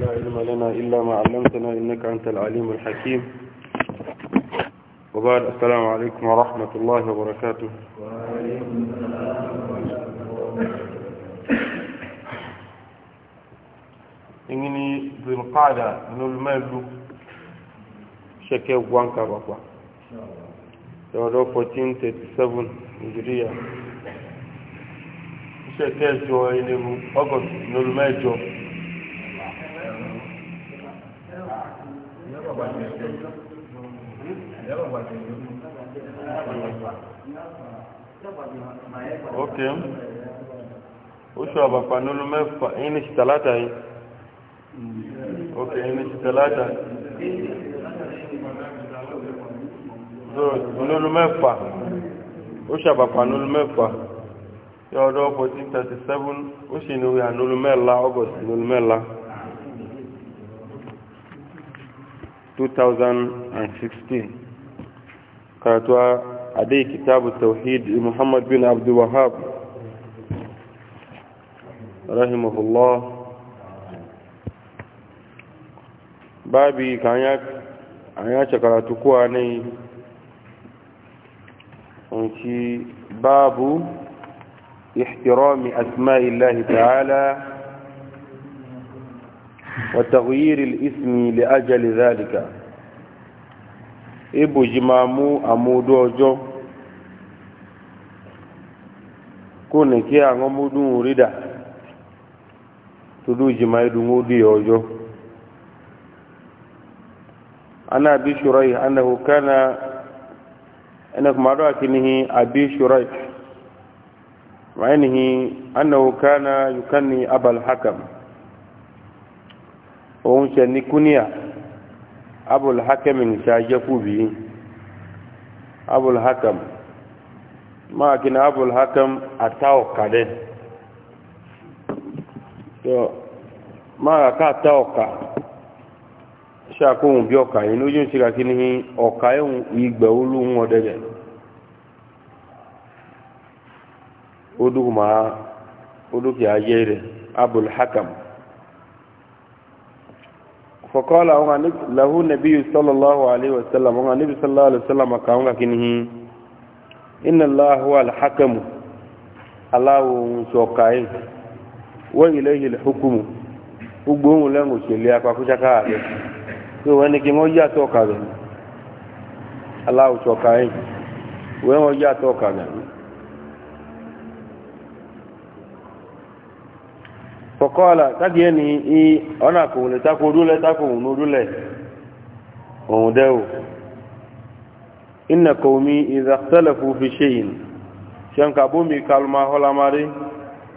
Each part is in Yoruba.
لا علم لنا إلا ما علمتنا إنك أنت العليم الحكيم وبعد السلام عليكم ورحمة الله وبركاته إنني ذو القعدة من المال شكاو وانكا بابا 1437 هجرية iṣẹ́ kẹjọ ẹnìrú ọgọ́t lórí mẹ́jọ. ok oṣù àbàpà lórí mẹ́fà ẹ̀yìn ní ṣìtà látà yìí ok ẹ̀yìn ní ṣìtà látà lórí mẹ́fà oṣù àbàpà lórí mẹ́fà tí ọdọ́ 1437 ó ṣe ní ànúlùmẹ́lá august ànúlùmẹ́lá 2016 karatuwa adé kitabu tawhid muhammad bin abdul wahab rahimahullah babi ka an yace karatu kuwa ne babu احترام أسماء الله تعالى وتغيير الاسم لأجل ذلك ibu jimamu amudu ojo kuni ki àwọn mudu rida tudu jima idungu di ojo ana bi shurai annahu kana ana kuma do akinihi abi shurai وعنه أنه كان يكني أبا الحكم وهم شنكني أبو الحكم شاجفوا به أبو الحكم ما كان أبو الحكم أتاو كده ما كان أتاو ṣàkóhun bí ọkà inú yóò ṣe kàkí ní ọkà odu ma odu ki ayere abul hakam فقال له النبي صلى الله عليه وسلم النبي صلى الله عليه وسلم قال كنه إن الله هو الحكم الله سوكاي وإليه الحكم ugbóhùn lẹ́hùn òṣèlú apapúṣáká rẹ̀ tí wọ́n ní kí wọ́n yà tọ́ka rẹ̀ aláwùsọ̀ka rẹ̀ wọ́n yà tọ́ka rẹ̀ fọkọ́ọ̀lá tàbí ẹni ọ̀nà àkòwòlẹ̀ tako orúlẹ̀ tako òun orúlẹ̀ òun dẹ́wò iná kòmí ìzàtẹ́lẹ̀kù fi ṣe yìn ṣẹ́nkà bómi kalma họlamari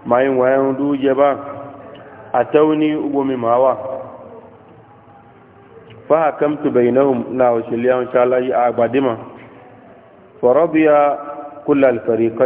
ma yí wọ́n ẹ̀rùn dú jẹba àtẹ́wò ní ugbomi máa wà fáhà kẹ́mtù bẹ̀yìnáhùn náà òṣèlú àwọn ṣáláyé àgbàdìmọ̀ fọ̀rọ̀bíyà kúlẹ̀ alfẹ̀ríkọ́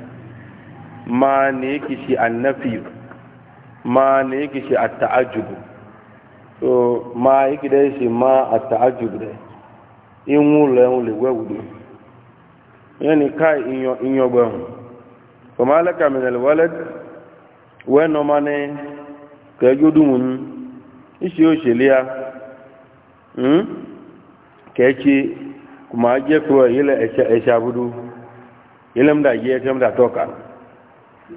ma ne yake shi annafi ma ne yake shi at-ta'ajjub so ma yake da shi ma at-ta'ajjub da in wule wule wewudu yani kai inyo inyo gbo fa malaka min al-walad wa no mane ke jodumun isi o shelia hmm kechi kuma je ko ile echa echa budu ilam da je kam da toka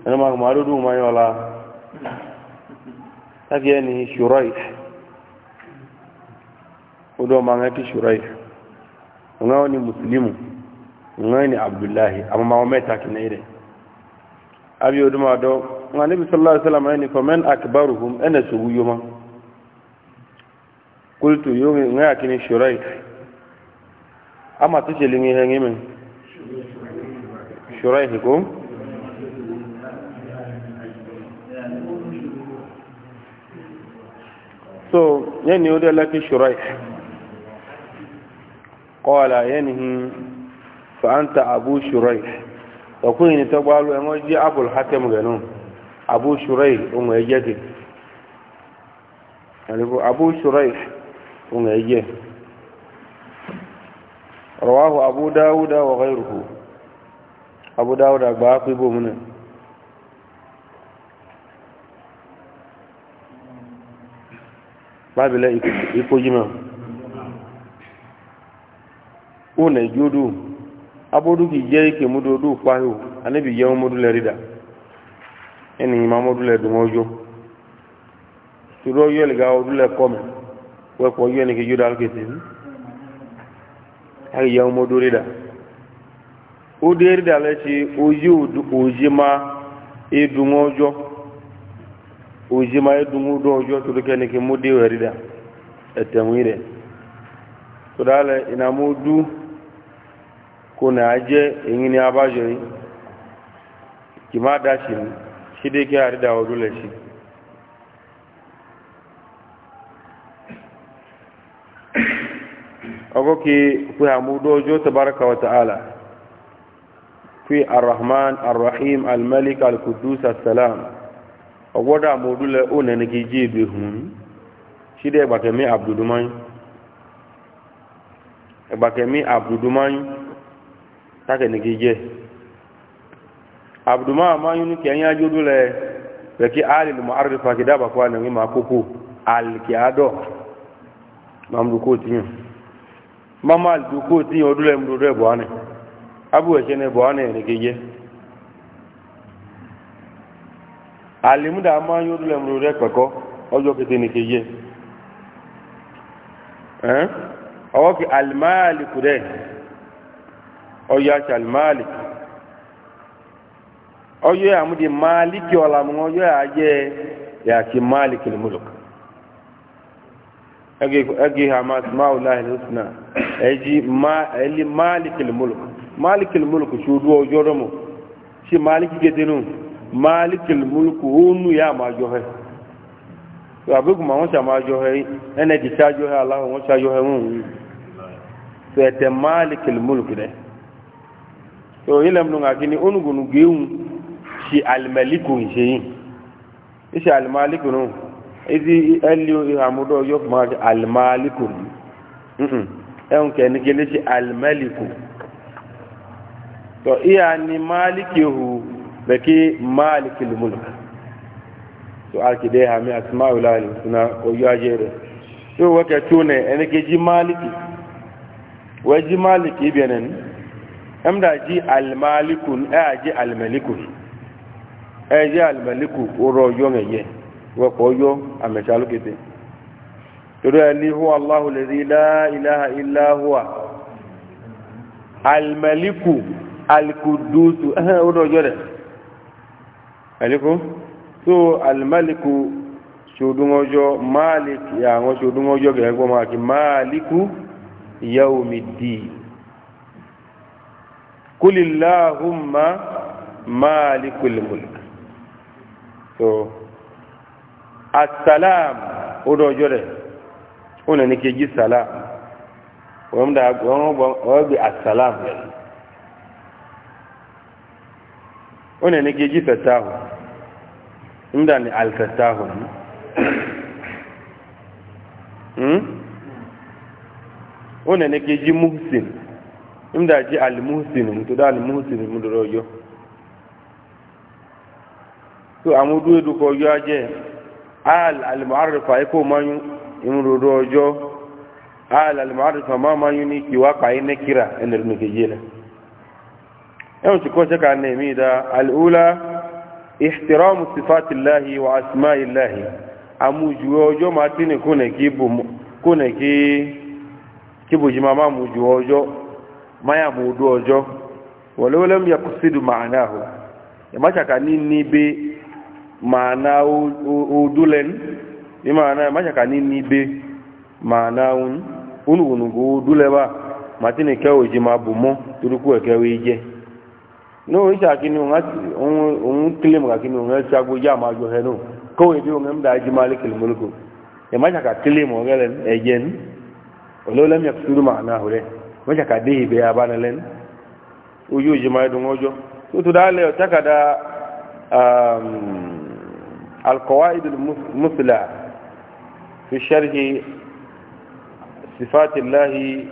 ẹni máa kùmà dúdú máa yọ la láti ẹni ṣùrọ̀ yìí ó dọ̀ máa ń kí ṣùrọ̀ yìí ǹgá wọn ni mùsùlùmù ǹgá ni abdullahi àmọ́ máa mẹ́ta kì náà rẹ̀ abi o duma do nga nabi sallallahu alaihi wasallam ni faman akbaruhum ana suguyuma qultu yumi nga akini shurai ama tujelingi hengimi shurai ko so yani o de la ki shuraih qala yanhi fa anta abu shuraih wa kuni ta gbalu en oji abul hakim ganu abu shuraih o mo ejete alibu abu shuraih o mo eje rawahu abu dawud wa ghayruhu abu dawud gba pe bo mun babila ikojima una ijodu abodu ki je ike mudu odu payo anabi je mudu le rida eni ma mudu le dun ojo turo yo le ga odu le kome we ko yo ni ki juda al ketin rida o de rida le ti ojima ye dungu do jo to ke ne ke mudi werida etemwire to dale ina mudu ko na aje ingini abajo yi kima da shi shi de ke arida odule shi ogo ki ku ha mudu ojo tabaraka wa ta'ala fi ar-rahman ar-rahim al-malik al-quddus as-salam al al ọgbọ́dọ̀ àmọ́dúlẹ̀ ó nẹni kí jí èdè hùn ṣídẹ̀ ẹgbàkẹ̀mí àbùdùmáyí ẹgbàkẹ̀mí àbùdùmáyí tákẹ̀ni kí jẹ́ àbùdùmáyí ní kẹ̀yìn ajódúlẹ̀ pẹ̀kí alìlùmọ̀ arìfà kí dábàkọ́ ànàmí ma kókó alìkíádọ̀ mamdukó tíyàn mamá alìdukó tíyàn ọdúlẹ̀ mdúrẹ́ bọ̀ alimuda ama yóò dúró ẹmu rẹ pẹkọ kété ní kéye ẹn kí alimaali kù dẹ àti alimaali ọyọ àmúdi maaliki ọlàmù ọyọ àjẹ yàtí maaliki lèmúlòk ẹgì hamas ma e e ọjọ́ gẹ́gẹ́ malikil mulku hunu ya ma johe to abigu ma won sha ma johe ene di sha johe allah won sha johe won to ete malikil mulku de to ilem nu ngakini onugunu geun si almaliku njeyin isi almaliku nu izi elio ihamudo yo ma almaliku mhm ehun ke ni gele si almaliku to iya ni maliki beki malikil mulk to alki de ha mi asmaul ali suna ko yajere to wake tune ene ke ji maliki wa ji maliki benen amda ji al malikun e a ji al malikun a e ji al maliku oro yo ngeye wa ko yo amechalu kete to ni huwa allah alladhi la ilaha illa huwa al maliku al oro yo aliko so almaliku sodungojo malik ya ngo sodungojo ge ko ma ki maliku yawmiddin qul illahumma malikul mulk so assalam odo jore ona ni keji salam wọ́n da wọ́n bi assalam wọ́n ni keji fatahu inda ni alfatahun hmm? ó nẹ̀nẹ́ kí jí muhsin inda jí alimuhsin tó dá alimuhsin mú lọ́rọ̀ yọ tó àwọn ojú edukọ̀ yọ al alimuharifa ikó mayún ìmúròrò ọjọ́ al alimuharifa máa mayún ní kíwá pàáyé nẹ́kíra ẹnẹ̀rẹ́ nìkejì rẹ̀ ẹ̀wọ̀n tí kọ́ sẹ́ka nẹ̀mí da al'ula ihtiramu sifati llahi wa asma'i llahi amujuwe ojo ma kune kibu kune ki kibu jimama mujuwe ojo maya mudu ojo walau lam yaqsidu ma'nahu ya macha kanini bi maana udulen bi maana macha kanini bi maana ma unugunugu uduleba matini kewo ije no isa kini un ati un un claim ka kini un ati agbo ya ma jo henu ko e bi un mda ji malik al mulku e ma ka claim o gelen e jen olo lam yaksuru ma'ana hore ma ka de be ya bana len o yu ji ma du ngojo to to dale o taka da um al qawaid al musla fi sharh صفات الله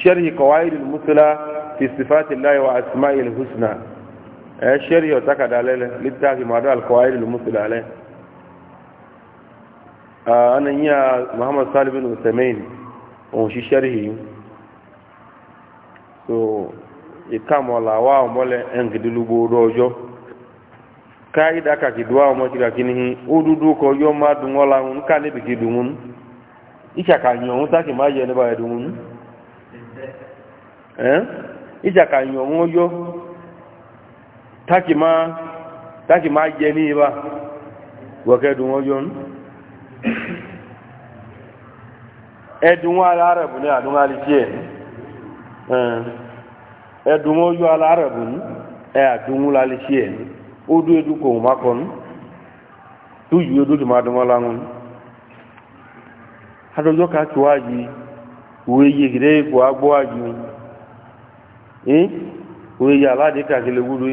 شرح قواعد المثلى في صفات الله وأسمائه الحسنى ẹ ṣẹ́rí ọ̀tá kàdá lẹ́lẹ́ lítàkì màdá alkọ̀wáyé lè mùsùlùmí alẹ́ ọ̀nà yíya muhammad salibin usamain òun sí ṣẹ́rí yìí so ìkàmọ̀lá wà ọmọlẹ̀ ẹnkìdìlúgbò ọjọ́ káyídá kàkìdúwà ọmọ ti kàkíní ó dúdú kọjọ́ má dùn ọ́la ń ká níbi kì dùn ún ìṣàkàyàn òun sákì má yẹ níbà ẹ̀dùn ún ìṣàkàyàn taki ma taki ma jẹ ní ibá wọ́kẹ́ dùn wọ́n yọ́n ẹ̀dùn wọn alárẹ̀bù ní àdún alìsí ẹ̀ ẹ̀dùn wọn yọ alárẹ̀bù ní ẹ̀ àdún wọn alìsí ẹ̀ ó dún edu kò wọ́n makọ̀ ní tó yìí ó dúdú máa dún láwọn adọ́jọ́ ká yìí kìdẹ́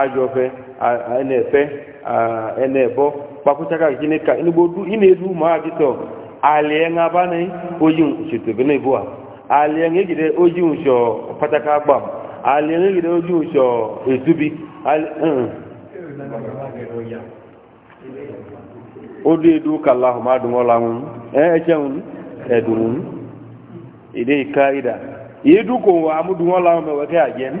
ajọfe ẹnẹfẹ ẹnẹbọ kpakutsaka jineka inugbodu inedu maa kitɔ aliɛ ŋa ba ne oyin tsoto bi ne boa aliɛ ŋa egi ɖe oyin tsɔ pataka gbam aliɛ ŋa egi ɖe oyin tsɔ etubi ali ɛn odu edu kala ahoma duŋɔ la ŋu ɛ ɛtsɛ ŋu ɛdu ŋu ede ka yi e, e e da yedu ko amuduŋɔ la ŋu mɛ wɛ kɛ adiɛ nu.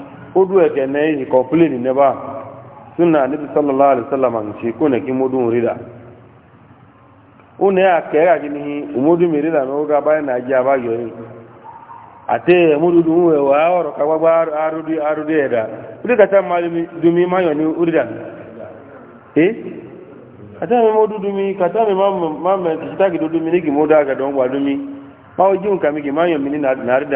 odu ẹ̀kẹ́ náà yìí kọ̀pléènì nẹ́bà súnà níbi sọ́lọ́lá àlùsọ́làmà ń ṣe kó nẹ̀kí mọ́dún rírà ó nẹ́ àkẹ́rẹ́ àti ní ìmọ́dún mi rírà náà ó ga báyìí náà jẹ́ abáyọ̀ yìí àti ẹ̀mọ́dúdú ẹ̀ wà ọ̀rọ̀ kagbágbá arúdé ẹ̀dà orí kàtà máa dumi máyọ̀ ní orídà ẹ́ kàtà mi mọ́ dúdúmi kàtà mi máa mẹ́ kìtàkì dúdúmi ní kì mọ́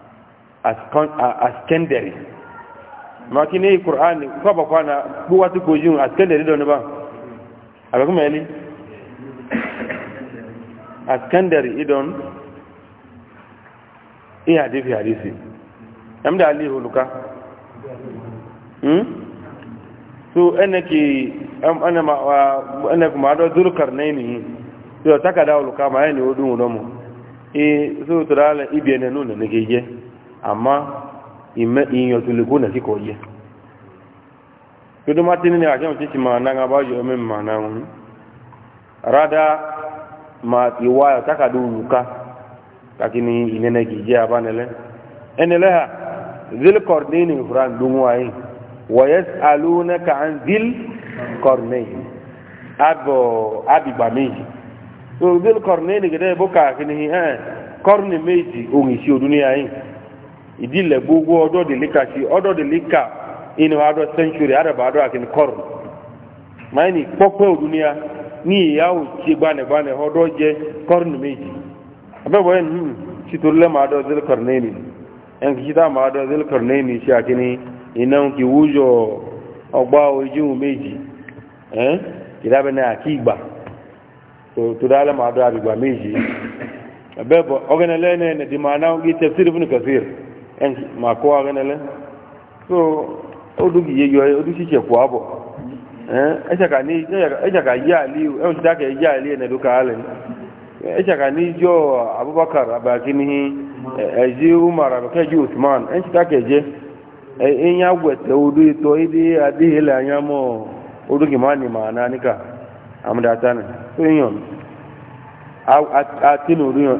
askenderi uh, maki ne qur'ani ko ba kwana bu wati ko jun askenderi don ba aba kuma yali askenderi idon i hadithi hadisi amda ali huluka hmm so anaki am ana ma ana kuma do zulkar naini yo taka da huluka ma yani odun odomo e so to dala ibiyene nuna nake je àmá ìyàn tó lè kó nà sí kọ̀ yẹ dodoma tini ne ajan titi ma nanga ba yo men ma na un Radar ma iwa taka du luka takini inene ki je abanele enele ha zil qarnayn qur'an dungu ay wa yasalunaka an zil qarnayn abo abiba meji so zil qarnayn gede boka kini eh qarni meji o ngi si ìdílé gbogbo ọdọ́ dìlíkà sí ọdọ́ dìlíkà inú adọ́ sẹ́ńtúrì àdàbà adọ́ àti kọ́rù máyìnì pọ́pẹ́ òdúnìyà ní ìyá ò tí gbanẹ̀gbanẹ̀ ọdọ́ jẹ kọ́rù méjì abẹ́bọ̀ yẹn hùn hmm, títorí lẹ́mọ̀ adọ́ zil kọ̀rọ̀nẹ́ni ẹn kì í síta mọ̀ adọ́ zil kọ̀rọ̀nẹ́ni ṣe àkíní iná ń kì wúyọ ọgbà ojú méjì ẹn ìdábẹ́ni àkí ìgbà tó dá lẹ́mọ̀ adọ́ àdìgbà méjì abẹ́bọ̀ ọgẹ́nẹ́lẹ́ni ẹn ma kó wa gẹ́nẹ́ lẹ́ so ó dúkì yé yọ ó dúkì ṣẹ̀kù àbọ̀ ẹ̀ṣàkà yí àlíu ẹ̀hùn ti dákẹ̀ yí àlíu ẹ̀nà ìdókà alẹ̀ ẹ̀ṣàkà ní abubakar abakini ẹ̀jí eh, eh, umar abakẹ́jì usman ẹ̀ṣì dákẹ̀ jẹ́ ẹ̀yìn agwẹ̀tẹ̀ odó ìtọ́ ìdí adéhìlẹ̀ anyamọ́ odó kì máa ní màánà níkà àmúdátá tó yàn àtínú ríyàn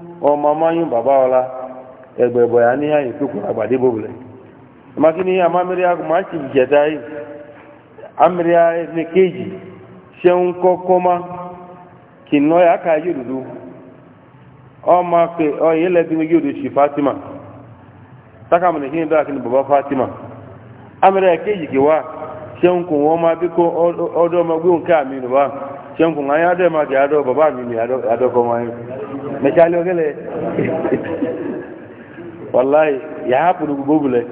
ọmọ mayun bàbá ọlá ẹgbẹ̀ bọ̀yà ní ni tó kún àgbàdé bòbìlẹ̀ ìmákí ní àmàmírí àkùnmá ti jẹta yìí àmìrí ẹni kéjì ṣeun kọ́kọ́ má yà ká yóò dúdú ọmọ pé ọyẹ lẹ́gbẹ̀ẹ́ yóò dúdú sí fatima tákàmù ní kíni dára bàbá fatima kéjì kì wá kò wọ́n bí ọmọ gbóhùn nù sẹ́nkù ńlá yàdọ̀ ẹ̀ máa kì yàdọ̀ bàbá mi ni yàdọ̀ kọ́ máa yín mẹ́sàálì ọ̀gẹ́lẹ̀ wàláì yàá pùnú gbogbo bulẹ̀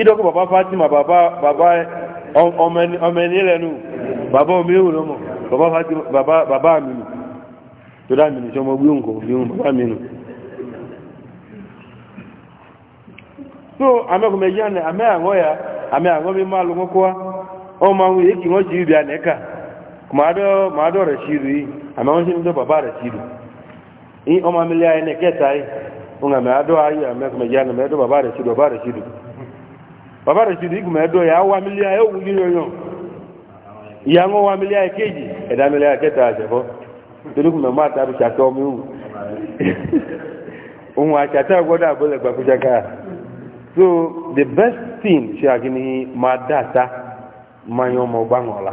ìdọ́kọ̀ bàbá fatima bàbá ọmọ lẹ́nu bàbá omi ewu lọ́mọ bàbá fatima bàbá mi tó dá mi sọmọ nǹkan bàbá mi so ya amẹ́ mi máa lọ́kọ́kọ́ ọmọ àwọn ibi maado maado rashidu yi ama wọn ṣe ń dọ bàbá rashidu yìí ọmọ amílẹ̀ ayé ní kẹta yìí wọn àmì adọ ayé amẹ́kùnmẹ́ yá nàmẹ́ ẹdọ bàbá rashidu bàbá rashidu bàbá rashidu yìí kùmẹ́ ẹdọ yà wọ amílẹ̀ ayé òwú yíyan yàn ìyá wọn wọ amílẹ̀ ayé kéjì ẹ̀dá amílẹ̀ so the best thing ṣe àkíní máa dáta máa yan ọmọ ọgbà wọn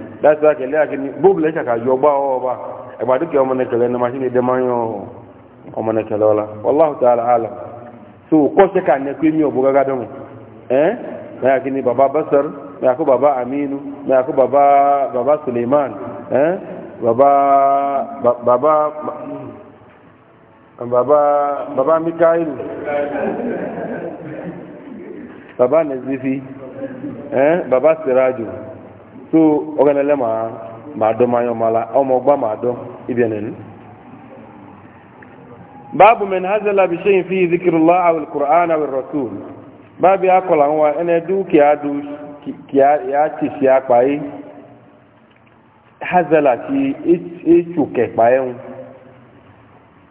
láti wá kẹlẹ́ àkíní bóòbù lẹ́sà kà yọ gbá ọba ẹgbàdúkẹ́ ọmọnẹkẹlẹ ní maṣíni dẹmáyọ ọmọnẹkẹlẹ ọlá wọláhù tààlà àlà so kọ́sẹ́ kà nẹ́kú mi ọ̀bọ̀ gágá dánwò ẹ́n eh? mẹ́yà kí ni baba basar mẹ́yà kó baba aminu mẹ́yà kó baba baba so ɔgana lɛ maa maa ma ma la gba maa dɔ ibi babu baabu mɛn bi sɛyin fi zikirila awil a awil rasul baabi akɔla wa ɛnɛ du kia du ya ti si akpa yi hazala ti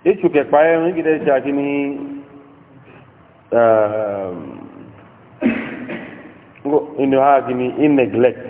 ehm, inu ha in neglect.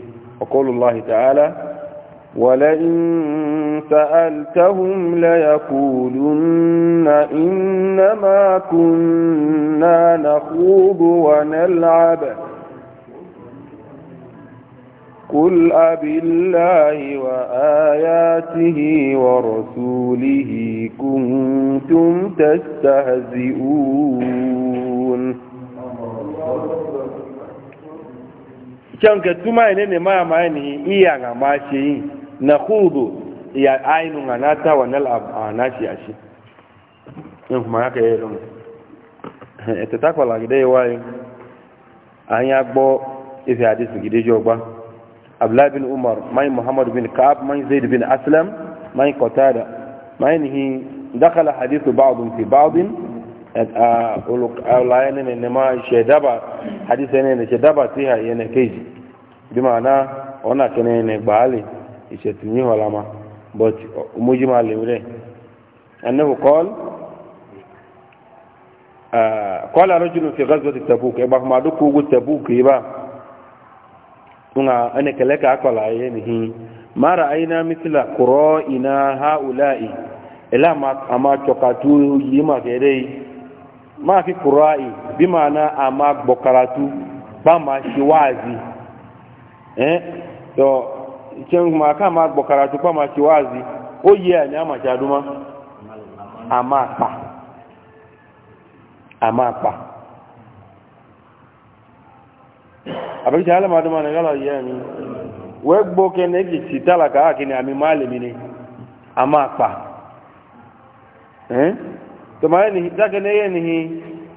وقول الله تعالى ولئن سألتهم ليقولن إنما كنا نخوض ونلعب قل أب الله وآياته ورسوله كنتم تستهزئون kyanke tuma ne ne ma ma ni iya nga ma ce yi na hudu ya ainu nga na ta wa nal a na shi a shi in kuma haka yi rin ete ta kwala gida yi wayo an ya gbo ife hadisi gida jo ba abla bin umar mai muhammad bin ka'ab mai zaid bin aslam mai qatada mai ni dakhala hadithu ba'd fi ba'd ulayen ne nema shedaba hadisa ne ne shedaba ha yana keji bi ma'ana ona kene ne gbali ishetinyi ma but ma mujima limre annahu Kol qala rajul fi ghazwati tabuk e ba ma duku gu tabuk ba tuna ene kele ka akola ye ni ma ra'ayna mithla qura'ina haula'i ila ma ama chokatu yima kere máa fi kùrọ̀ì bí máa ná a máa gbọ̀karatu bá máa ṣe wáàzí ẹ́n tó ṣeun máa ká máa gbọ̀karatu bá máa ṣe wáàzí ó yẹ àní àmàṣàdúmá a máa pa a máa pa àbíkí alẹ́màdúmá ní gálà yẹ ẹ̀mí wẹ́ gbọ́ kẹ́nẹ́kì sí tálàkà àkíní àmì máa lèmi ni a máa pa ẹ́n tuma ni daga ne yanihi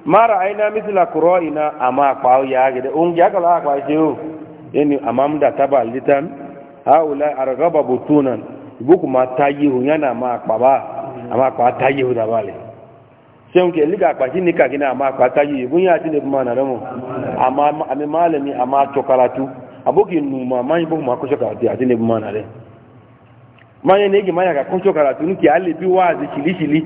mara aina misila kuro ina ama kpawo ya gida un ya kala kwa ce o yani amam da taba litan haula argaba butunan buku ma tayihu yana ma akpa ba ama akpa tayihu da bale seun ke liga akpa shi nika gina ama akpa tayihu bun ya kuma na ramo ama ami malami ama chokalatu aboki numa manyi buku ma kusho karatu ya kuma na re manye ne gi manya ka kusho karatu nki alibi wazi shili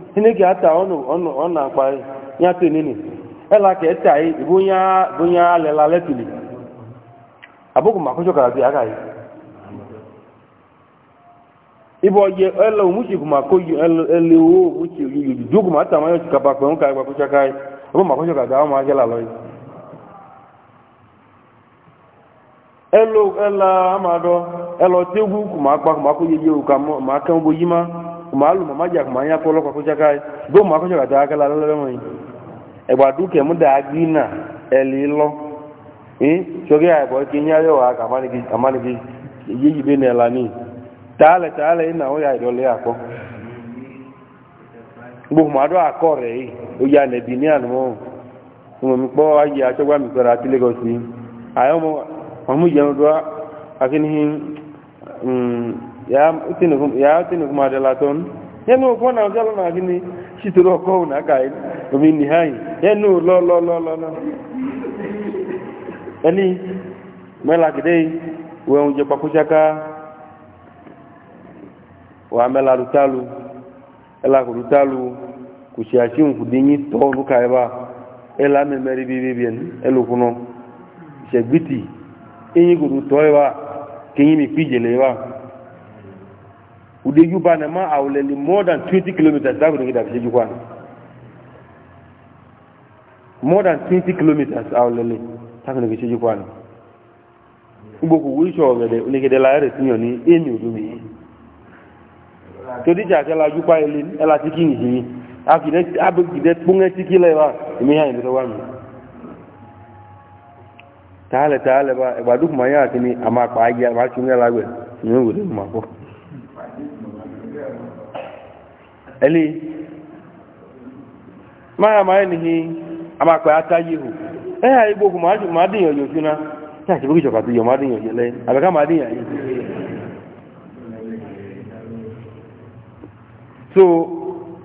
chineke ata ọ na-akpa e, ya tenini ela ka ete anyị bụ onye alela letuli abụghị m akụchọ kara bi agaghị ibu ọje ele omuchikwu ma koyi ele owo omuchi oyoyoyo jogu ma ata kpe ka anyị ma akụchọ kara ma agala alọ elo ela amadọ elo tegwu ukwu ma akpa ma ma aka mgbo yi ma maalu mama jà kuma ya kpɔlɔ kɔkɔ tsaka yi do ma kɔtsɔ gata akala lɛ lɛ mɔnyi ɛgba du kɛmu da agbina ɛli lɔ ee tsɔkɛ yà ɛbɔ eke nya yɔ wa kama neke kama neke yeyi be nɛ la ni taa lɛ taa lɛ ina o yà ɛdɔ lɛ akɔ gbogbo ma do akɔ rɛ o yà nɛ bi ní anumɔ mo mi a ayi atsɔgba mi kpɛrɛ ati lagos yi ayɔ mo mo yɛn do akini hii. ya tinuku ma dala ton yẹnu ọkọ náà ọjọ́ lọ́nà àti ní ṣìtòrò ọkọ òun àkà omi nìháyì yẹnu lọ́lọ́lọ́lọ́lọ́ ẹni mẹ́la kìdẹ́ wẹ̀hùn jẹ pakúṣaká wà ude juba na ma awuleli more than 20 kilometers da gudun gida fi kwa more than 20 kilometers awuleli ta gudun fi kwa ni ugbo ku wisho ogede onikede laere sinyo ni eni odumi to dija ake la jupa ele ela ti kini jini akide abigide kpunge ti kile ba emi ha ibi to wa mi taale taale ba egba duk ma ya kini ama pa aje ma chunga lagbe ni o gudun ma ko eli mara ma enihi amakpa atayi hu eha igbo ku ma ma din yo yosuna ta ti bugi jokatu yo ma din yo yele abeka ma din ya yi so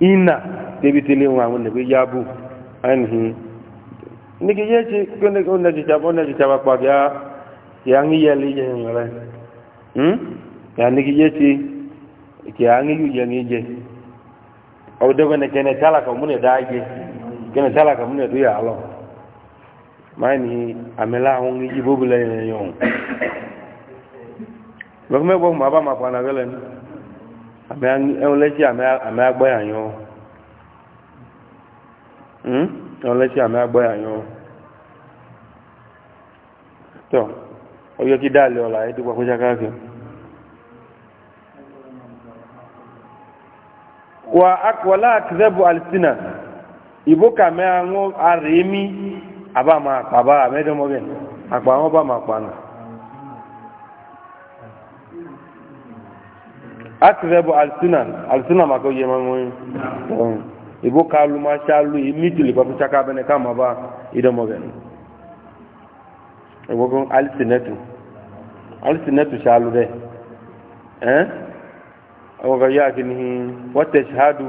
ina debi tele won awon ne bi yabu enihi niki ye ti ko ne ko ne ti jabo ne ti jabo pa ya ya ngi yele je ngale hm ya niki ye ti ki angi yu je ngi je o dogo ne kene tala ka mune daje kene tala ka mune duya alo mani amela on yi bobule ne yon bo me bo ma ba ma pa na gele ni ame an e o leji o leji ame agbo yan yo to o yo ki dale ola wa akwala akizabu alisina ibo ka mɛ aŋɔ aremi aba ma akpaba amɛdɛ mɔbɛ akpa aŋɔ ba ma akpana akizabu alisina alisina ma ko ma ŋɔ ibo ka alu ma se alu emi tili kɔfi tsaka bene ka ma ba idɛ mɔbɛ ibo ko alisinɛtu alisinɛtu se alu dɛ Eh? ọ̀rọ̀ yá kí ni wọ́n tẹ̀ ṣáàdù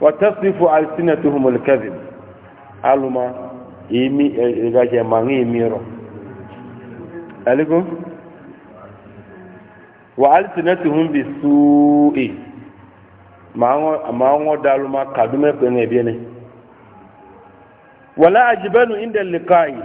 wọ́n tẹ̀sí fún alìsínà tó hùmọ̀lì kẹ́vìn alùmọ́ èmi ìgbàjẹ̀ màá ní èmi rọ̀ ẹ̀lẹ́kọ́ wọ́n alìsínà tó hùmọ̀lì sùúrì màá wọ́n dàlùmọ́ kàdúmẹ́pẹ̀ ní ẹ̀bí ẹni wọ́n lá àjìbẹ́nu ìndẹ̀lẹ́kọ́ yìí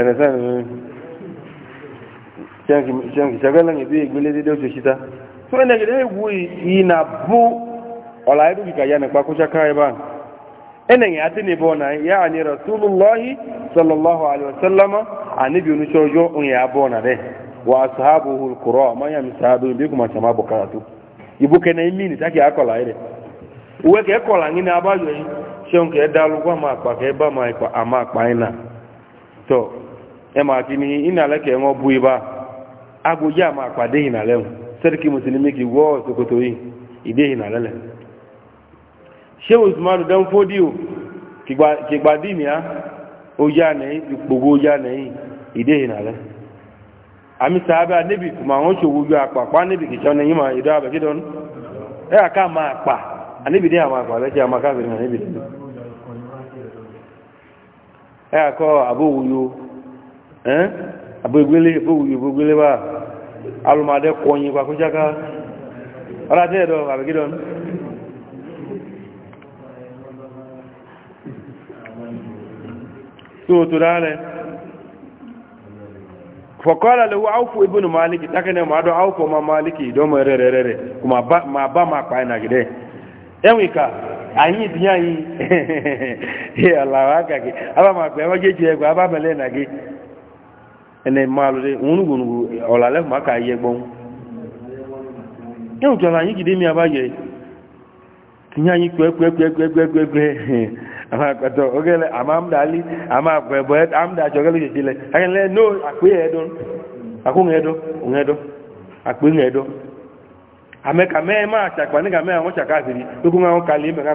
ẹ̀rẹ̀sán ṣẹ́gbẹ́lẹ̀ ìdí ìgbélé dédé ó ṣe ṣíta tó ẹ̀nà ìdí ìwú ìnà bú ọ̀là ẹ̀rù kìkà yà nípa kúṣáká ẹbá ya ìyà tí nìbọn náà yà àní rasulullahi sallallahu alaihi wasallama àníbi oníṣẹ́ na òyìn àbọ̀ náà rẹ̀ wà sàábù ya àmáyà mi sàábù ibi kùmà sàmà bùkàtù e ni ìnàlẹ́ kẹ́ wọ́n bú ibá agbójú àmà àpàdé ìnàlẹ́ wọn sẹ́ríkì mùsùlùmí kì wọ́ ọ̀sọ̀kòtò yìí ìdé ìnàlẹ́ lẹ̀ ṣé usman dán fódì o kìgbà dìníà ó yá nẹ́yìn ìpògó yá nẹ́yìn ìdé ìnàlẹ́ àmì sàábà níbi kùmà wọn ṣòwò ju àpàpá níbi máa ɛn abogbele abogbele wa alumade kɔnyi wa kojaka ɔlá tẹ́ ẹ̀dọ́ àbẹ̀gí dọ́n tó tó dáálẹ̀ fọ̀kọ́lá lè áwùfò ibùnù máàlìkì tákẹ́nẹ̀ máa dọ́ áwùfò ma máàlìkì ìdọ́mọ̀ rẹ̀rẹ̀rẹ̀ kò ma bá ma pàá ẹgbẹ̀ abámẹ́lẹ́ ene malu de unugu unugu olale maka ye gbon e o jola yin gide mi abaye tinya yin kwe kwe kpe kpe kwe kwe kwe ama kato ogele ama amdali ama me ma ga me awon chakasiri dukunga on kali ga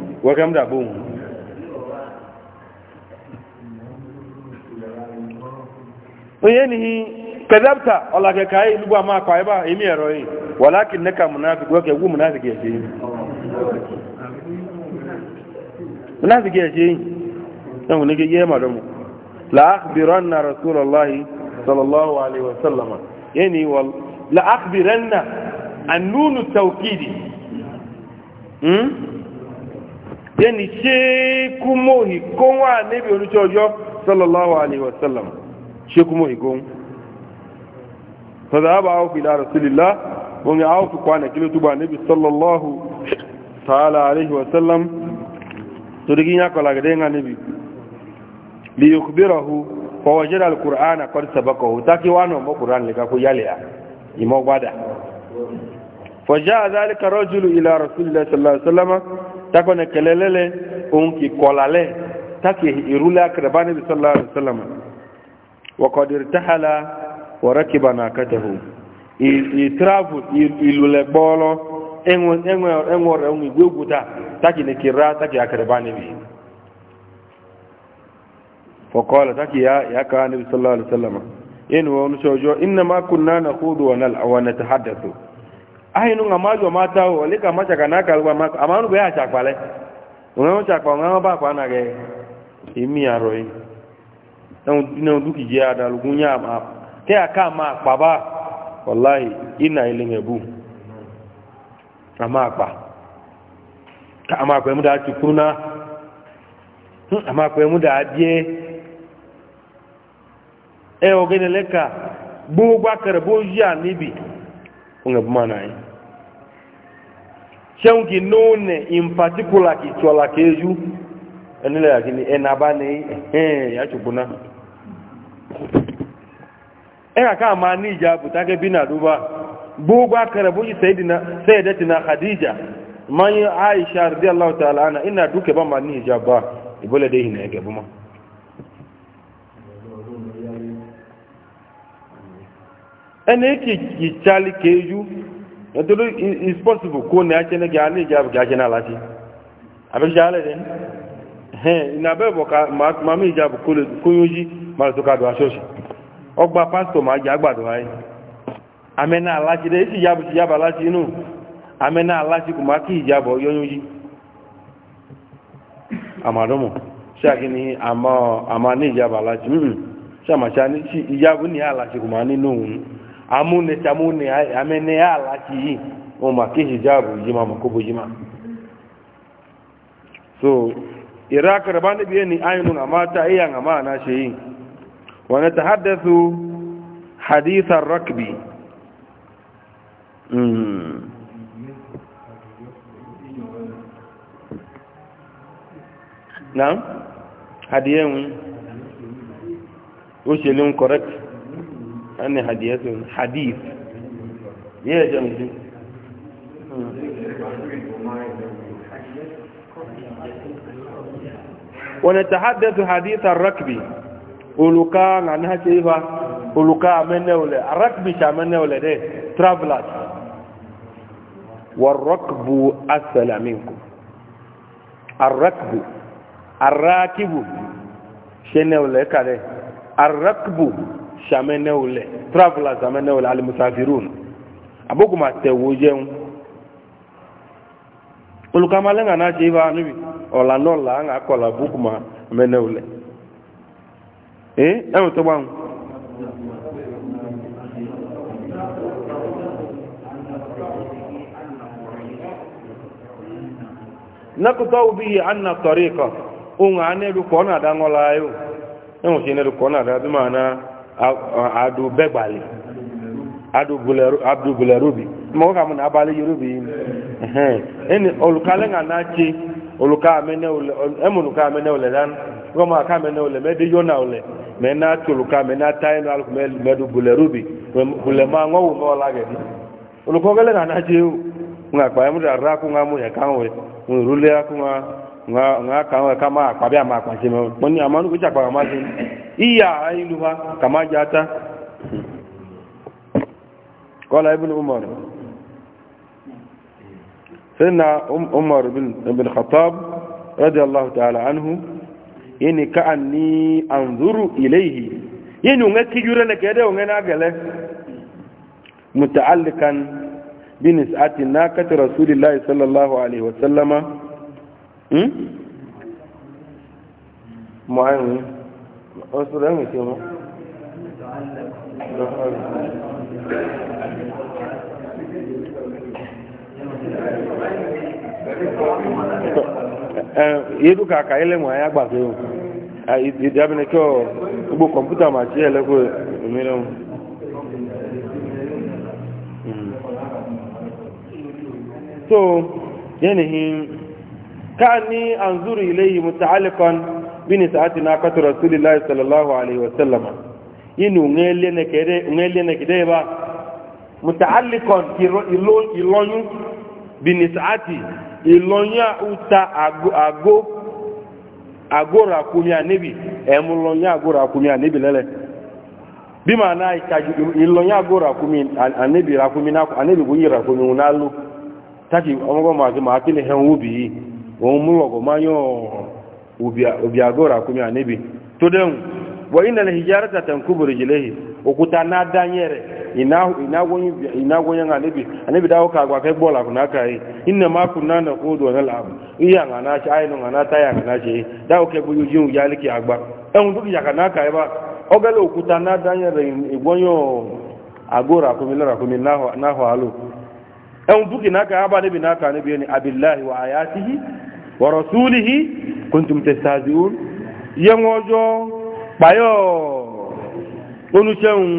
wẹ́kẹ́m dàgbò wọn onye ni kẹdẹ́pítà ọ̀làkẹ̀kà yìí lúgbà máa kọ ẹbá èmì ẹ̀rọ yìí wà láàkì nẹ́kà mùnáfikì wẹ́kẹ̀ wú mùnáfikì ẹ̀ṣẹ́ yìí mùnáfikì ẹ̀ṣẹ́ yìí ẹ̀hùn wọ́n láàkbìrán yẹni ṣéékú mọ́ ìkóhùn àníbi oníṣẹ́ ọjọ́ sallallahu alaihi wasallam ṣéékú mọ́ ìkóhùn fàzàbà áwọ̀ ìlà rasulilá wọn ni áwọ̀ fipá nà kílò túbà níbi sallallahu ta'ala alaihi wasallam torí kí yákọ̀lá takone kelelele on ki kolale taki irula krabani bi sallallahu alaihi wasallam wa qad irtahala wa rakiba nakatahu itravu ilule bolo enwe enwe enwe re un igweguta taki ne kira taki akrabani bi فقال تكي يا يا كان النبي صلى الله عليه وسلم ان ونسوجو انما كنا نخوض ونلعب ونتحدث n'u ahinu nga ma mata o ma lika macha kanaka lwa maka amanu be acha kwale unao cha kwa ngao ba kwana ge imi aroi na na duki je ada lugunya ma ke aka ma baba wallahi ina ilinge bu ama pa ka ama kwa mu da chukuna hm, ama kwa mu da die e ka gbogbo akara bo ji anibi unga bumana yi shenki nune in particular kichola keju enile yakini enabane eh ya chukuna ina e ka ma ni jabu ta ga bina duba bugu akara buji sayyidina na khadija man aisha radiyallahu ta'ala ana ina duke ba ma ni jaba ibole na ne bụ buma ene ki ki chali keju ntolo is possible ko ne achene ga ne ga ga ati. abe si den he ina be ka ma ma mi jabu ko le kunyoji ma to ogba pastor ma ja gbadu hai ti amena alati kuma ki jabo amadomo shakini ama ama alati mm shama shani ijabu ni alati amune chamune ameneala chii oma kihijabu jima makubu jima so iraq rabani bieni ainun amata iya ngamana shei wanatahaddathu hadith ar-rakbi mm. na hadiyewu o ṣe lóun correct أن هديته حديث يا جمدي ونتحدث حديث الركب uluka ngana cheiva uluka amene ule arakbi chamene ule de travelers warakbu asfala minkum arakbu arakibu shene ule kale arakbu sàmẹ́nẹ́wò lẹ̀ travelers sàmẹ́nẹ́wò lẹ̀ alimusafirun abokuma tẹ̀wò jẹun olùkàmálẹ́ ńà náà ṣe é níbi ọ̀là náà ń akọ̀là abokuma ma lẹ̀ ẹ̀ ẹ̀rùn tó bá ń. nakuta ubihi anna tariqa adu bɛgbali adu gulɛ rubi mɔgɔ k'a mɔ na abali yorubi ɛhɛn ɛni olukale ŋa n'atsi oluka aka mɛ yɔna mɛ oluka mɛ n'ata yɛ n'alu mɛ mɛ du gulɛ rubi gulɛ ma ŋɔwu mɛ ɔla ŋa o ŋa kpa ɛmu da ra ko ŋa mu yɛ kan wɛ ŋa ko ŋa ŋa kan wɛ kama akpa bi ama akpa se mɛ iya ainuha kama jata qala ibn umar sayyidina um, umar bin ibn khattab radiyallahu ta'ala anhu yani ka'anni anzuru ilayhi yani unga kijura na kede unga na gale muta'allikan bi nis'ati nakati rasulillahi sallallahu alaihi wa sallama hmm mu'ayyin wasu da mai mu ihe duka ka ile nwa ya gbaga ewu ìdábìnrin kí ọ gbogbo kọ̀mpútà máa tí ẹlẹ́kọ̀ọ́ ìmìíràn wọn. so yẹ́nìí ká ní anzuru ilé yìí mutaalliqan bini saati na akatu rasulillahi sallallahu alaihi wasallama inu ngeliye ne kede ngeliye ne kede ba mutaallikon ilo ilonyu bini saati ilonya uta ago ago agora kumia nebi emulonya agora nebi lele bima na ikaju ilonya agora kumi anebi rakumi na anebi kunyira kumi unalu taki ma ma akile hen ubi o obiagora kumi anibi to den wa inna alhijarata tankubu rijlihi ukuta na danyere ina ina gonyi ina gonya anibi anibi dawo ka gwa kai bola kuna kai inna ma kunna na kudu wa nalab iya ngana na ayi ngana na ya ya kana kai ba ogale ukuta na danyere igonyo agora kumi lara kumi naho naho alu en na aba na ka ni abillahi wa wa rasulihi kuntum tastahzi'un yen ojo payo onucheun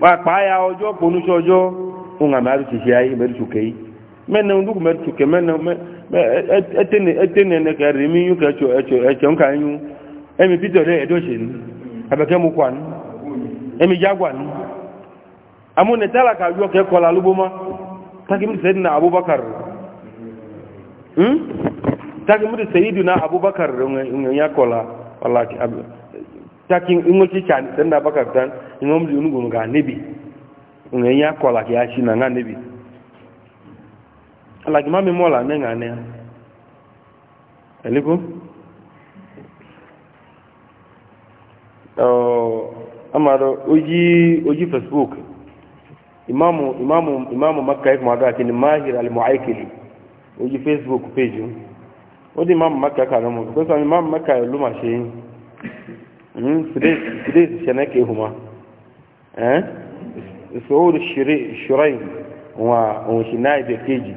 wa paya ojo ponuche ojo unga maru ti ayi meru tukei men ndu ku meru tuke men e, e, etene etene ne ka rimi yu ka cho e, cho cho emi edo mu kwan emi jagwan amune tala ka ke kola lubuma takim abubakar hmm taki mudu sayiduna abubakar ya kola wala taki ingoci cani dan da bakar tan ingom di unugu ga nebi ngen ya kola ya ashi na nga nebi ala ki mami mola ne nga ne aliku oh amaro oji oji facebook imamu imamu imamu makka ikma ga kini mahir al muaikili oji facebook page ó di máa mọ̀mọ́ kẹ́kẹ́ àná mọ̀ pé sọ mi máa mọ̀ kẹ́kẹ́ ìlú mà ṣe yín sídé ìṣẹ̀lẹ̀ kẹ́ ìhùmá ìṣòwòrò ṣùrẹ́yìn òun ṣì náà ìdè kejì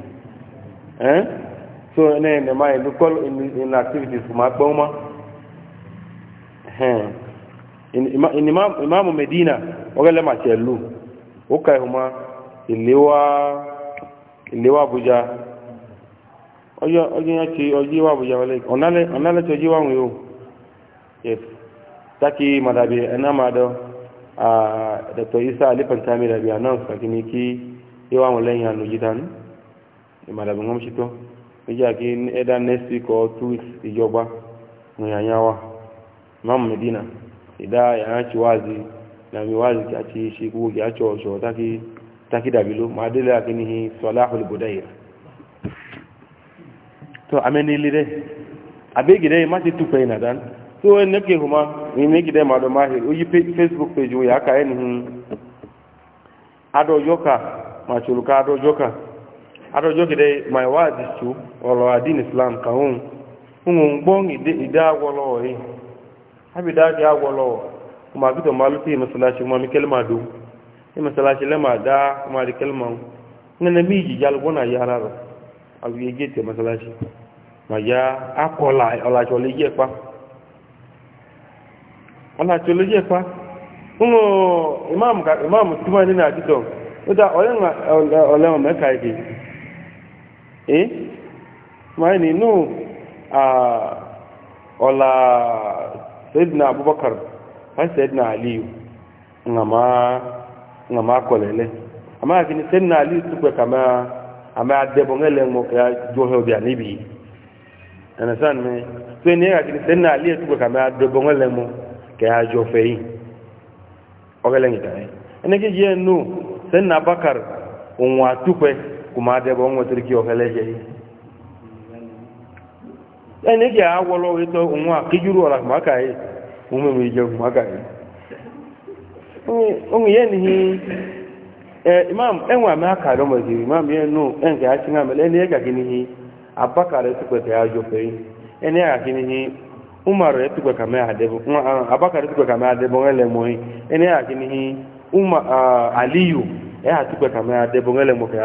so ẹnẹ́ ẹ̀nẹ́ máa kọ́ in activities kò eh, máa pẹ́wọ́n mọ́ ìmáàmù medina ọgẹ́lẹ́ màṣẹ́ lù ó ka ìhùmá ìléwà abuja ọjọ́ ọjọ́ yẹn ti ọjọ́ wa bùjá wọlé ọ̀nàlẹ́ tí ọjọ́ wa wọ̀nyí o yes taki madabi ẹ̀nà máa dọ́ dr isa alipantami rabi announce kàkí ni kí yíwa wọn lẹ́yìn àná yìí dání madabi wọn ṣe tọ́ níjà kí ẹ̀dá next week or ìjọba ìrìnyà wa medina ìdá yàrá ti wáàzì nàmi wáàzì àti ṣe gbogbo kí á ọ̀ṣọ́ taki dàbí ló màá délé àkíní sọlá àpòlùbọ̀dá yìí. to amenilire abegide ma ti tupe ina dan so en nake huma ni ne ma do ma he o yi facebook page wo oh, ya ka en hun ado yoka ma chulu ka ado yoka ado jogide my word is true olo adin islam ka hun hun gbon ide ida yi abi da Ma bi to maluti ma mi kelma do e masalashi le ma da kuma di kelma mi ji jal bona àwọn yẹ géètì mọ́sálásí màjá akọ̀ọ̀là ọ̀làjọ́ lè yẹ pa ọ̀làjọ́ lè yẹ nínú ìmáàmù ó dá ọ̀lẹ́wọ̀n mẹ́ka èdè ẹ́ máa nínú ọ̀là sẹ́dínà abubakar wọ́n aliyu ńlá máa kọ̀lẹ̀lẹ́ ni aliyu kàmáà ame adebɔŋe le ŋmɔ kɛ dzɔhɛ o bia nibi ɛnɛsan mɛ tó ní ɛgà kìíní sɛnɛ aliɛ tó kɛ ame adebɔŋe le ŋmɔ kɛ adzɔ fɛ yi ɔkɛ lɛ ŋita yɛ ɛnɛkɛ yɛ no sɛnɛ abakar òun atukpɛ kòmá ɔkɛ lɛ yi yi tɔ ɔla ka yi mi ka yi yɛ nihi. Eh, imam enwe ame akara meziri imam ya nu enke ya chinga mele ene n'ihi, abakara etukwe ka ya jofe ene ya gini n'ihi umar etukwe ka me adebo abakara etukwe ka adebo ene ya aliyu e ha tukwe ka me adebo ya mo ka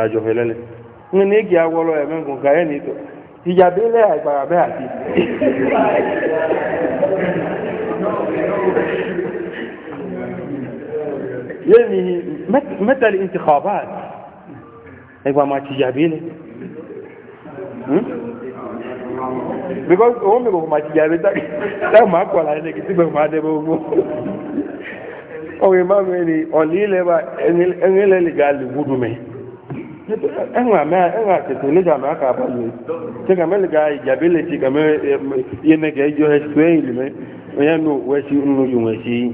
ya ya ya ya يعني متى الانتخابات ايوه ما تجابيني because òun mi kò máa ti yàrá táwọn máa kọ̀ láyé lẹ́kì tí bẹ́ẹ̀ máa dẹ́bẹ̀ ogun ọ̀rẹ́ máa mi ni ọ̀lẹ́ ilẹ̀ wa ẹni ilẹ̀ lè ga lè wúdu mi ẹ̀wọ̀n àmì ẹ̀wọ̀n àtẹ̀tẹ̀ lè jàmẹ́ àkà àbáyé tí kàmẹ́ lè ga ìjàbí lè ti kàmẹ́ yẹnẹkẹ́ jọ ẹ̀sùn ẹ̀yìn lè mẹ́ ẹ̀yẹn nù wẹ́sí nù yùn wẹ́sí yìí.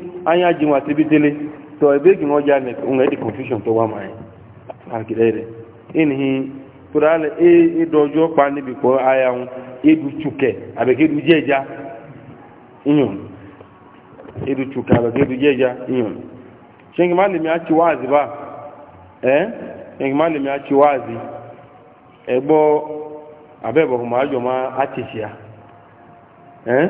anya ji nwa tibitele to ebe gi ngoja ne unga di confusion to wa mai akidere inhi tural e e dojo pa ni bi ko aya un e du chuke abe ke du jeja inyon e du chuke abe ke du jeja inyon shengi mali mi achi wazi ba eh shengi mali mi achi wazi egbo abebo ma ajo ma achi eh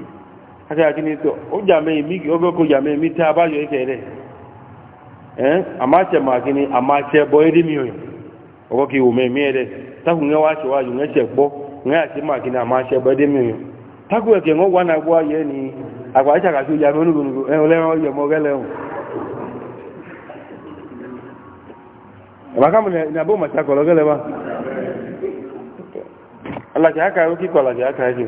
aka yaki ni to o jame mi ogo ko jame mi ta ba yo ike re eh ama che ma kini mi yo ogo ki ume mi ere ta ku nge wa che wa yu nge che bo nge a che ma mi yo ta ku eke ngo wa na gwa ye ni agwa cha ka ju jame onu ni abo machakolo gele ba. Allah ki aka yo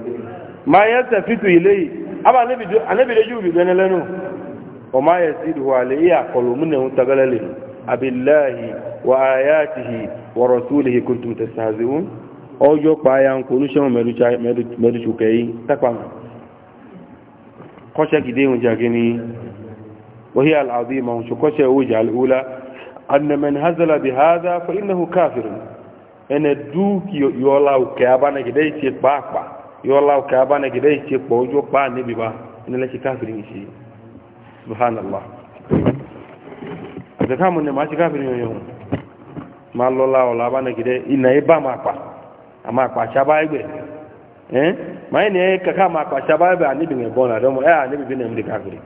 ma yaltafitu ilayhi aba nabi do anabi de jubi benelenu o ma yazidu alayhi aqalu minhu tagalale abillahi wa ayatihi wa rasulihi kuntum tastahzi'un ojo pa ya nko nu seun medu cha medu medu chukei takwa koshe gide un jagini wa hiya al'azima shu koshe uja al'ula anna man hazala bi hadha fa innahu kafir ene duki yola ukaba na gide ti pa yọ́lá ọkà abánagidẹ́ ìṣe pọ̀ ojú pa níbi bá nílẹ̀ ṣe káfìrí ìṣe subhanallah àtẹ̀káàmù ni máa ṣe káfìrí yọ̀yọ̀ máa lọ́lá ọ̀lá abánagidẹ́ na ibà máa pa àmà a ṣàbá ẹgbẹ̀ ẹ́ máa ní ẹ́ kàkà máa pa ṣàbá ẹgbẹ̀ àníbi ní na àdọ́mọ ẹ́ àníbi bí nẹ̀mí káfìrí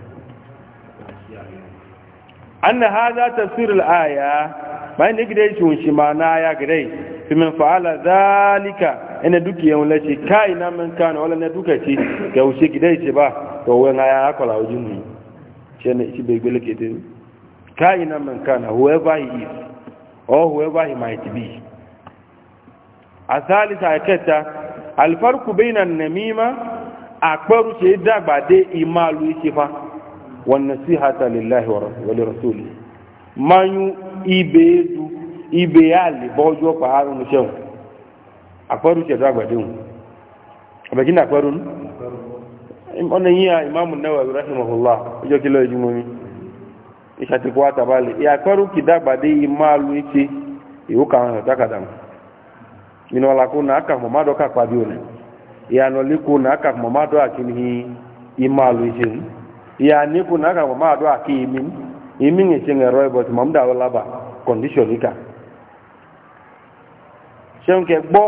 an na haza tafsir al'aya bayan da gidai shi wunshi ma na ya gidai fi min ene duki yawon lace kai na min kana wala na duka ce ga wuce gidai ce ba to wani ya akwala wajen mu ce na ishi bai gbele kete kai na min kana whoever he is or whoever he might be a salisa a kẹta alfarku bai na namima a kparu ce dagba dai imalu ike fa wannan sihata lillahi wa rasuli manyu ibe edu ibe ya liba ọjọ́ pàhárùn-ún ṣẹ́wọ̀n akwaru ce za gbadin abagina akwarun ọ̀nà yíya imamu nawawi rahimahullah ọjọ́ kí lọ́yẹ̀ jùmọ́ mi ìṣàtìkú àtàbálẹ̀ ìyàkọ́rù kì dágbàdé ìmáàlú ìṣe ìwúkà àwọn ọ̀tàkàdà nínú ọlákó náà kà mọ̀ mádọ́ kà pàdé òní ìyànà líkó náà kà mọ̀ mádọ́ àkíní ìmáàlú ìṣe ìyàníkó náà kà mọ̀ mádọ́ àkí ìmí ìmí ìṣe ẹ̀rọ ìbọ̀tì mọ̀múdà ọlábà kọ̀ndíṣọ̀n níkà ṣẹ́ńkẹ́ gbọ́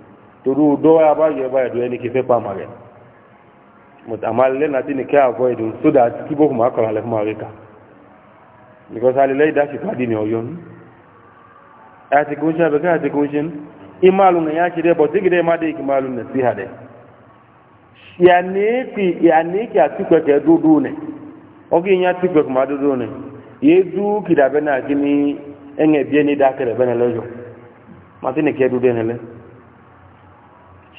torí dọ́wọ́ abájọ ẹ̀bá ẹ̀dọ́ ẹni kì í fẹ́ pàmà rẹ̀ àmà lẹ́nà tí ní kẹ́ àvọ́ ẹ̀dọ́ so that kí bókù máa kọ̀rọ̀ alẹ́ fún àríkà because alẹ́lẹ́ ìdáṣì pàdé ní ọ̀yọ́ ní àti kò ń ṣe àbẹ̀kẹ́ àti kò ń ṣe ní ìmàlù ní yá ṣe dẹ́ bọ̀ sígidẹ́ má dé ìkìmàlù ní sí àdẹ́ ìyàníkì àtúpẹ̀kẹ́ dúdú ní ọkọ̀ ìyá àtúpẹ̀kẹ́ má dúdú ní yéé dú kìdàbẹ́ náà kí ní ẹ̀ńgẹ̀ bí ẹni dákẹ́rẹ̀ bẹ́ẹ̀ lọ́jọ́ má sí kẹ́ dúdú ẹni lẹ́yìn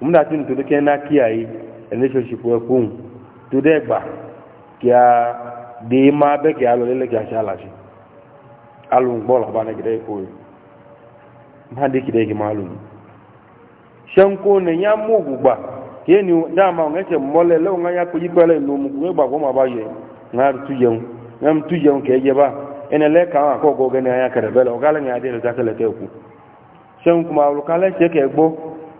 muna tun to ke na kiyaye relationship we kun to de gba kya de ma be kya lo lele kya a shi alu gbo la ba ne gide ko ma de kide ki malu shan ko ne ya mu gba ye ni da ma che mole le ya ko pele no mu gba ko ma ba ye na tu yeun tu ke je ba ene le ka ko go gene ya kare bele o gale nga de ta ke ku shan lu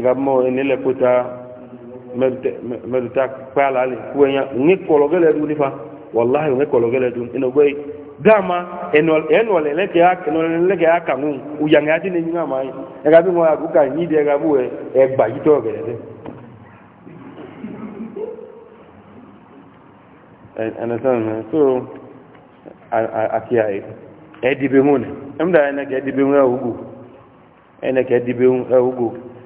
ìgbàgbọ́ ìnílẹ̀kúta mẹ́rùta pààlà lè kú ẹ̀yà ní kọlọ̀gẹ́lẹ̀ dún nípa wàláhì ní kọlọ̀gẹ́lẹ̀ dún inú gbé gáàmà ẹnùọ̀lẹ̀lẹ́kẹ̀ àkànún òyàngẹ̀ àti ní yíwá máa ẹgbà bí wọn àgúkà yídi ẹgbà bú ẹgbà yítọ̀ ọ̀gẹ̀rẹ̀ ẹ̀ẹ́dìbẹ̀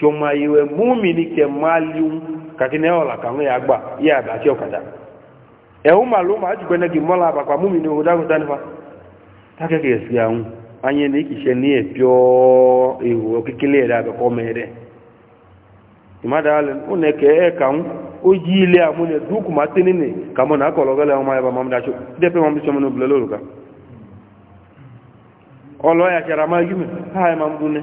choma iwe mumini ke maliu kakine ola kanwe agba ya da che okada e uma luma aju kwene ki mola ba kwa mumini oda ko tanfa take ke esia un anye ni ki she ni epio iwo kikile da ko mere imada ale uneke e kan oji ile amune duku matini ni kamo na kologele uma ba mamda chu depe mamda chu munu blelo luka ya kera ma yume ha ya ma mbune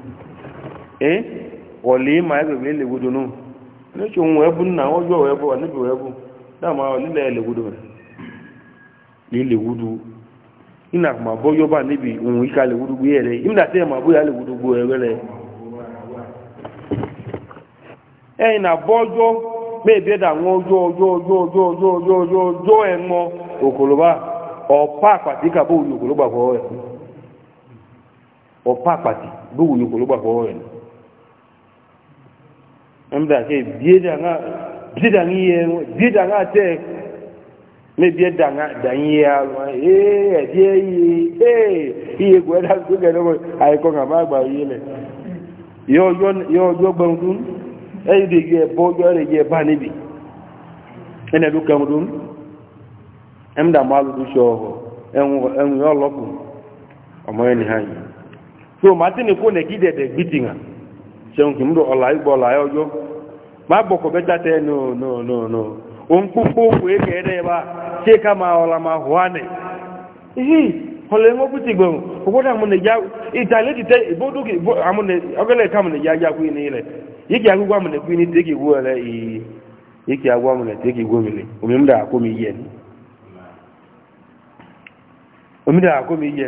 eh wọ̀lì ma ẹgbẹ̀ mi lèwúdò nù ní ṣe òun ẹbú nà wọ́n yọ ẹbú wà níbi ẹbú dáàmà lílẹ̀ lèwúdò rẹ̀ ní lèwúdò iná ma bọ́ yọba níbi òun ìka ime ma mebie mba ke bie danga bie danga ye bie danga te me bie danga danyi ya eh bie yi eh iye ko da ku ga no ai ko ga ma gba yi le yo yo yo yo e de ge bo yo re ge ba ni bi ene du ka du sho ho en en yo lo ku e ni han so ma ti ni ko seun kì í mú ọ̀la ìgbọ̀ ọ̀la ọjọ́ má bọ̀kọ̀ bẹ́tà tẹ́ no no no no òun ka òkú èkè ẹ̀dẹ́ bá ṣé ká máa ọ̀la máa hùwà nì ìhì ọ̀lẹ́ wọn kú ti gbọ̀n ògbọ́dọ̀ àmúnẹ̀ já mi ni ni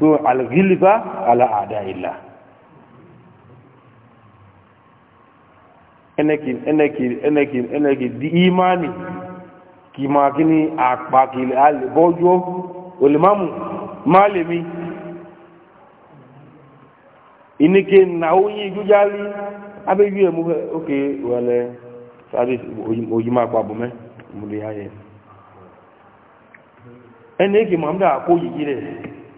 so alghilba ala adaila eneki eneki eneki eneki imani ki ma ki al bojo malimi inike jujali abe wale sabi me aye eneki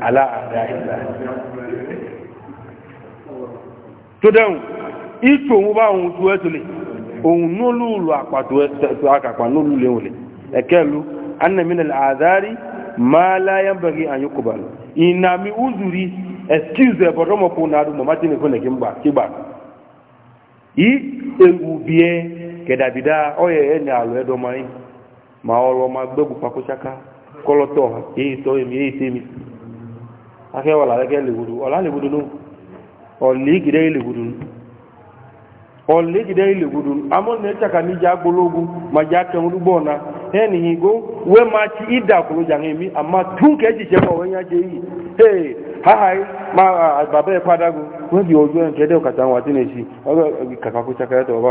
ala àdáìlá tó dẹ́hùn ìtò òun bá ohun tó ẹ́ tó lè òun nólùlù àkàpà nólùlù lè wòlè ẹ̀kẹ́lu annaminal àdárí máa láyánbẹ̀rí àyíkòbàlù ìnàmì úzùrí excuse ẹ̀bọ̀dọ́mọ̀kún náà dùn mọ̀ mátíni fún ẹ̀kí gbà yìí ewu bíẹ́ kẹ̀dàbídá ọyẹ̀ ẹ̀ ní ma ọlọ́mọ gbẹ́gbù pakúṣáká kọ́lọ́tọ̀ akẹ́wọ̀ làrẹ́gẹ́ lèwòdó ọ̀lá lèwòdó ló ọ̀lẹ́gìdẹ́ lèwòdó ọ̀lẹ́gìdẹ́ lèwòdó amọ́nà ẹ̀chàkà ní ìjà gbólógún ma já kẹun lúgbọ́ ọ̀nà ẹni ìgó wẹ́ máa ti ìdà kúrò jàrin mi àmá tún kẹ́jì jẹ́ pọ̀ wẹ́yà jẹ́ yìí hey háhàí máa bàbá ẹ̀ pádágo wọ́n di ọjọ́ ẹ̀ kẹ́dẹ́ ọ̀kàtà wọn àti nìyí kàkàkú chakẹ́tọ̀ ọba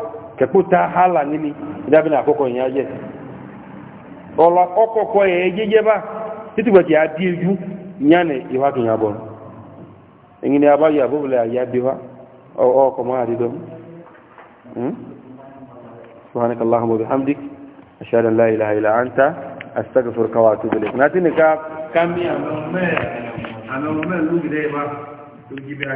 kẹkúta hàlà níbi ìdábìnà àkọ́kọ́ ìyá jẹ́ ọ̀lọ́ ọkọ̀kọ́ ẹ̀ jẹ́jẹ́ bá títìgbẹ̀kì àdí ejú yánà ìwádùnyàbọ̀ ẹ̀yìn ni a bá yà bóbulẹ̀ àyà bí wá ọkọ̀ máa rí dọ́m سبحانك اللهم وبحمدك أشهد أن لا إله إلا أنت أستغفرك وأتوب إليك ناتي نكاب كم يا أنا أمي أنا